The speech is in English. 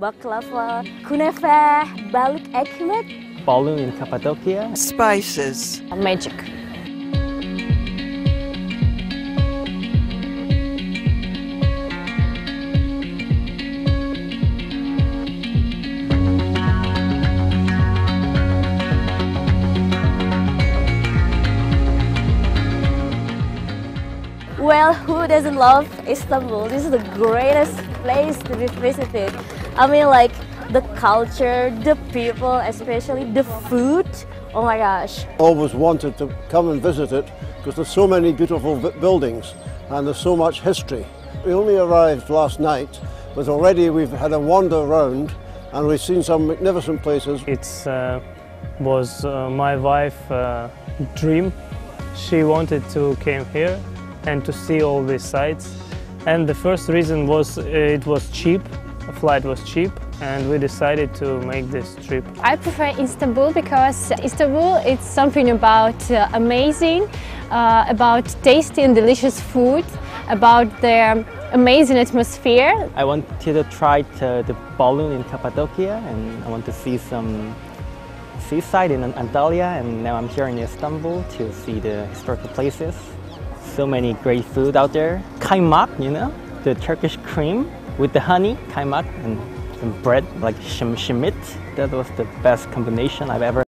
baklava, kunefe, balık ekmek, balloon in Cappadocia, spices, magic. Well, who doesn't love Istanbul? This is the greatest place to be visited. I mean, like the culture, the people, especially the food. Oh my gosh. Always wanted to come and visit it because there's so many beautiful buildings and there's so much history. We only arrived last night, but already we've had a wander around and we've seen some magnificent places. It uh, was uh, my wife's uh, dream. She wanted to came here and to see all these sites. And the first reason was uh, it was cheap Flight was cheap and we decided to make this trip. I prefer Istanbul because Istanbul it's something about uh, amazing, uh, about tasty and delicious food, about their amazing atmosphere. I wanted to try to uh, the balloon in Cappadocia and I want to see some seaside in Antalya and now I'm here in Istanbul to see the historical places. So many great food out there. Kaymak, you know, the Turkish cream with the honey, kaimak, and, bread like shim shimit. That was the best combination I've ever